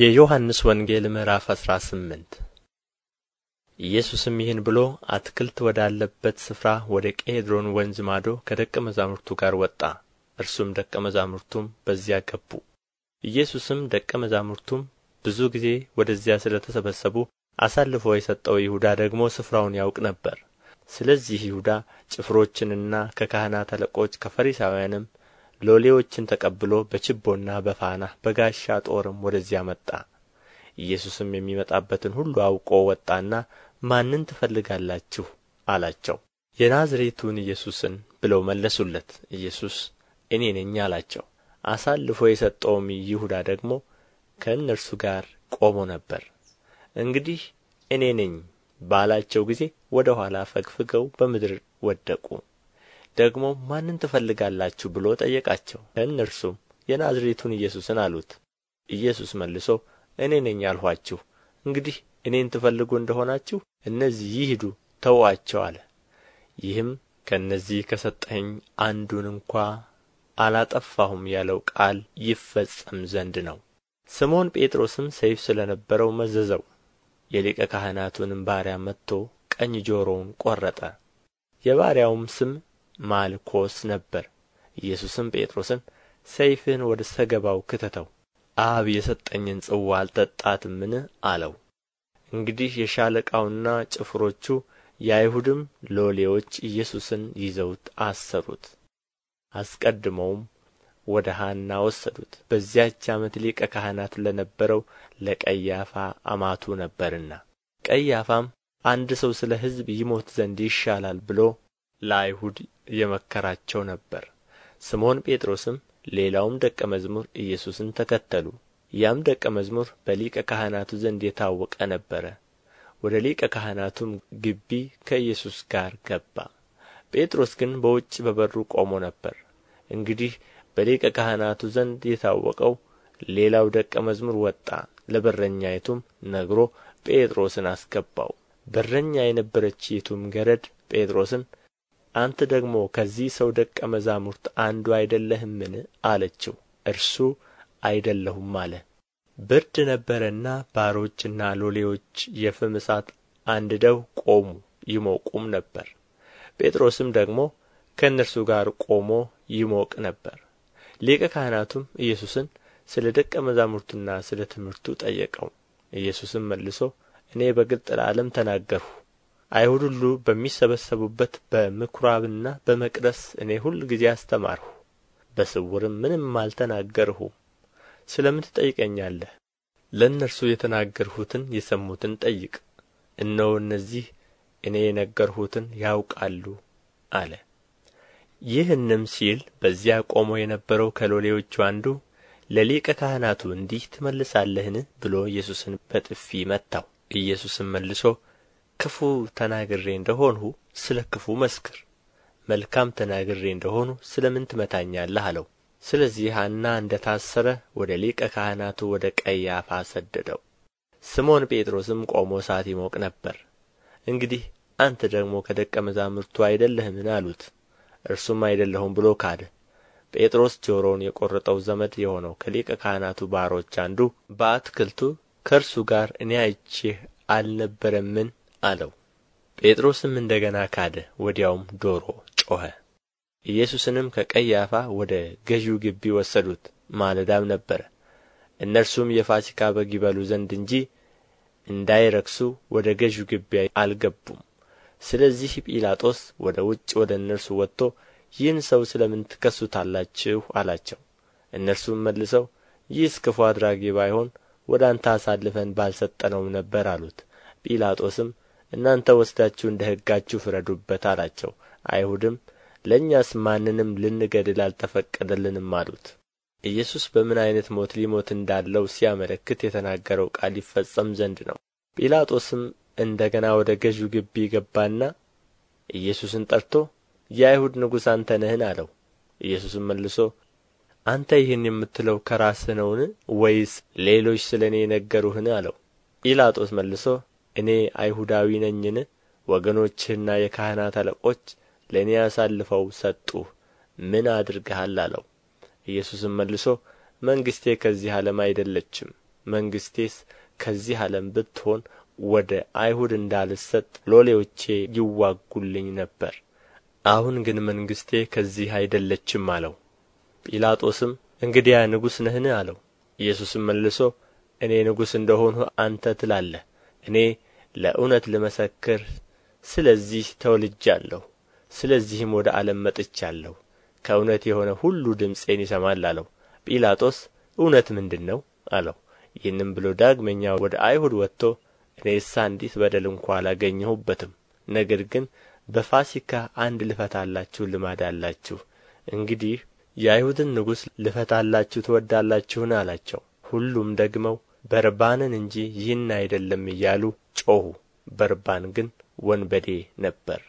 የዮሐንስ ወንጌል ምዕራፍ 18 ስምንት ኢየሱስም ይህን ብሎ አትክልት ወዳለበት ስፍራ ወደ ቄድሮን ወንዝ ማዶ ከደቀ መዛሙርቱ ጋር ወጣ። እርሱም ደቀ መዛሙርቱም በዚያ ገቡ። ኢየሱስም ደቀ መዛሙርቱም ብዙ ጊዜ ወደዚያ ስለ ተሰበሰቡ አሳልፎ የሰጠው ይሁዳ ደግሞ ስፍራውን ያውቅ ነበር። ስለዚህ ይሁዳ ጭፍሮችንና ከካህናት አለቆች ከፈሪሳውያንም ሎሌዎችን ተቀብሎ በችቦና በፋና በጋሻ ጦርም ወደዚያ መጣ። ኢየሱስም የሚመጣበትን ሁሉ አውቆ ወጣና ማንን ትፈልጋላችሁ አላቸው። የናዝሬቱን ኢየሱስን ብለው መለሱለት። ኢየሱስ እኔ ነኝ አላቸው። አሳልፎ የሰጠውም ይሁዳ ደግሞ ከእነርሱ ጋር ቆሞ ነበር። እንግዲህ እኔ ነኝ ባላቸው ጊዜ ወደ ኋላ ፈግፍገው በምድር ወደቁ። ደግሞ ማንን ትፈልጋላችሁ ብሎ ጠየቃቸው እነርሱም የናዝሬቱን ኢየሱስን አሉት ኢየሱስ መልሶ እኔ ነኝ አልኋችሁ እንግዲህ እኔን ትፈልጉ እንደሆናችሁ እነዚህ ይሂዱ ተዋቸው አለ ይህም ከእነዚህ ከሰጠኸኝ አንዱን እንኳ አላጠፋሁም ያለው ቃል ይፈጸም ዘንድ ነው ስምዖን ጴጥሮስም ሰይፍ ስለ ነበረው መዘዘው የሊቀ ካህናቱንም ባሪያ መጥቶ ቀኝ ጆሮውን ቈረጠ የባሪያውም ስም ማልኮስ ነበር። ኢየሱስም ጴጥሮስን ሰይፍህን ወደ ሰገባው ክተተው አብ የሰጠኝን ጽዋ አልጠጣትምን አለው። እንግዲህ የሻለቃውና ጭፍሮቹ የአይሁድም ሎሌዎች ኢየሱስን ይዘውት አሰሩት። አስቀድመውም ወደ ሐና ወሰዱት፣ በዚያች ዓመት ሊቀ ካህናት ለነበረው ለቀያፋ አማቱ ነበርና። ቀያፋም አንድ ሰው ስለ ሕዝብ ይሞት ዘንድ ይሻላል ብሎ ለአይሁድ የመከራቸው ነበር። ስምዖን ጴጥሮስም ሌላውም ደቀ መዝሙር ኢየሱስን ተከተሉ። ያም ደቀ መዝሙር በሊቀ ካህናቱ ዘንድ የታወቀ ነበረ። ወደ ሊቀ ካህናቱም ግቢ ከኢየሱስ ጋር ገባ። ጴጥሮስ ግን በውጭ በበሩ ቆሞ ነበር። እንግዲህ በሊቀ ካህናቱ ዘንድ የታወቀው ሌላው ደቀ መዝሙር ወጣ፣ ለበረኛይቱም ነግሮ ጴጥሮስን አስገባው። በረኛ የነበረችይቱም ገረድ ጴጥሮስን አንተ ደግሞ ከዚህ ሰው ደቀ መዛሙርት አንዱ አይደለህምን አለችው እርሱ አይደለሁም አለ ብርድ ነበረና ባሮችና ሎሌዎች የፍም እሳት አንድደው ቆሙ ይሞቁም ነበር ጴጥሮስም ደግሞ ከእነርሱ ጋር ቆሞ ይሞቅ ነበር ሊቀ ካህናቱም ኢየሱስን ስለ ደቀ መዛሙርቱና ስለ ትምህርቱ ጠየቀው ኢየሱስም መልሶ እኔ በግልጥ ለዓለም ተናገርሁ አይሁድ ሁሉ በሚሰበሰቡበት በምኵራብና በመቅደስ እኔ ሁልጊዜ አስተማርሁ፣ በስውርም ምንም አልተናገርሁም። ስለ ምን ትጠይቀኛለህ? ለእነርሱ የተናገርሁትን የሰሙትን ጠይቅ። እነሆ እነዚህ እኔ የነገርሁትን ያውቃሉ አለ። ይህንም ሲል በዚያ ቆሞ የነበረው ከሎሌዎቹ አንዱ ለሊቀ ካህናቱ እንዲህ ትመልሳለህን ብሎ ኢየሱስን በጥፊ መታው። ኢየሱስም መልሶ ክፉ ተናግሬ እንደሆንሁ ስለ ክፉ መስክር መልካም ተናግሬ እንደሆኑ ስለ ምን ትመታኛለህ አለው ስለዚህ ሐና እንደ ታሰረ ወደ ሊቀ ካህናቱ ወደ ቀያፋ ሰደደው ስምዖን ጴጥሮስም ቆሞ እሳት ይሞቅ ነበር እንግዲህ አንተ ደግሞ ከደቀ መዛሙርቱ አይደለህምን አሉት እርሱም አይደለሁም ብሎ ካደ ጴጥሮስ ጆሮውን የቈረጠው ዘመድ የሆነው ከሊቀ ካህናቱ ባሮች አንዱ በአትክልቱ ከእርሱ ጋር እኔ አይቼህ አልነበረምን አለው። ጴጥሮስም እንደ ገና ካደ፣ ወዲያውም ዶሮ ጮኸ። ኢየሱስንም ከቀያፋ ወደ ገዢው ግቢ ወሰዱት፣ ማለዳም ነበረ። እነርሱም የፋሲካ በግ ይበሉ ዘንድ እንጂ እንዳይረክሱ ወደ ገዢው ግቢ አልገቡም። ስለዚህ ጲላጦስ ወደ ውጭ ወደ እነርሱ ወጥቶ ይህን ሰው ስለ ምን ትከሱታላችሁ? አላቸው። እነርሱም መልሰው ይህስ ክፉ አድራጊ ባይሆን ወደ አንተ አሳልፈን ባልሰጠነውም ነበር አሉት። ጲላጦስም እናንተ ወስዳችሁ እንደ ሕጋችሁ ፍረዱበት አላቸው። አይሁድም ለእኛስ ማንንም ልንገድል አልተፈቀደልንም አሉት። ኢየሱስ በምን ዓይነት ሞት ሊሞት እንዳለው ሲያመለክት የተናገረው ቃል ይፈጸም ዘንድ ነው። ጲላጦስም እንደ ገና ወደ ገዢው ግቢ ገባና ኢየሱስን ጠርቶ የአይሁድ ንጉሥ አንተ ነህን አለው። ኢየሱስም መልሶ አንተ ይህን የምትለው ከራስህ ነውን? ወይስ ሌሎች ስለ እኔ የነገሩህን? አለው። ጲላጦስ መልሶ እኔ አይሁዳዊ ነኝን ወገኖችህና የካህናት አለቆች ለእኔ አሳልፈው ሰጡህ ምን አድርገሃል አለው ኢየሱስም መልሶ መንግሥቴ ከዚህ ዓለም አይደለችም መንግሥቴስ ከዚህ ዓለም ብትሆን ወደ አይሁድ እንዳልሰጥ ሎሌዎቼ ይዋጉልኝ ነበር አሁን ግን መንግሥቴ ከዚህ አይደለችም አለው ጲላጦስም እንግዲያ ንጉሥ ነህን አለው ኢየሱስም መልሶ እኔ ንጉሥ እንደሆንሁ አንተ ትላለህ እኔ ለእውነት ልመሰክር ስለዚህ ተወልጃለሁ ስለዚህም ወደ ዓለም መጥቻለሁ ከእውነት የሆነ ሁሉ ድምፄን ይሰማል አለው ጲላጦስ እውነት ምንድን ነው አለው ይህንም ብሎ ዳግመኛ ወደ አይሁድ ወጥቶ እኔስ አንዲት በደል እንኳ አላገኘሁበትም ነገር ግን በፋሲካ አንድ ልፈታላችሁ ልማድ አላችሁ እንግዲህ የአይሁድን ንጉሥ ልፈታላችሁ ትወዳላችሁን አላቸው ሁሉም ደግመው በርባንን እንጂ ይህን አይደለም እያሉ ጮኹ በርባን ግን ወንበዴ ነበር።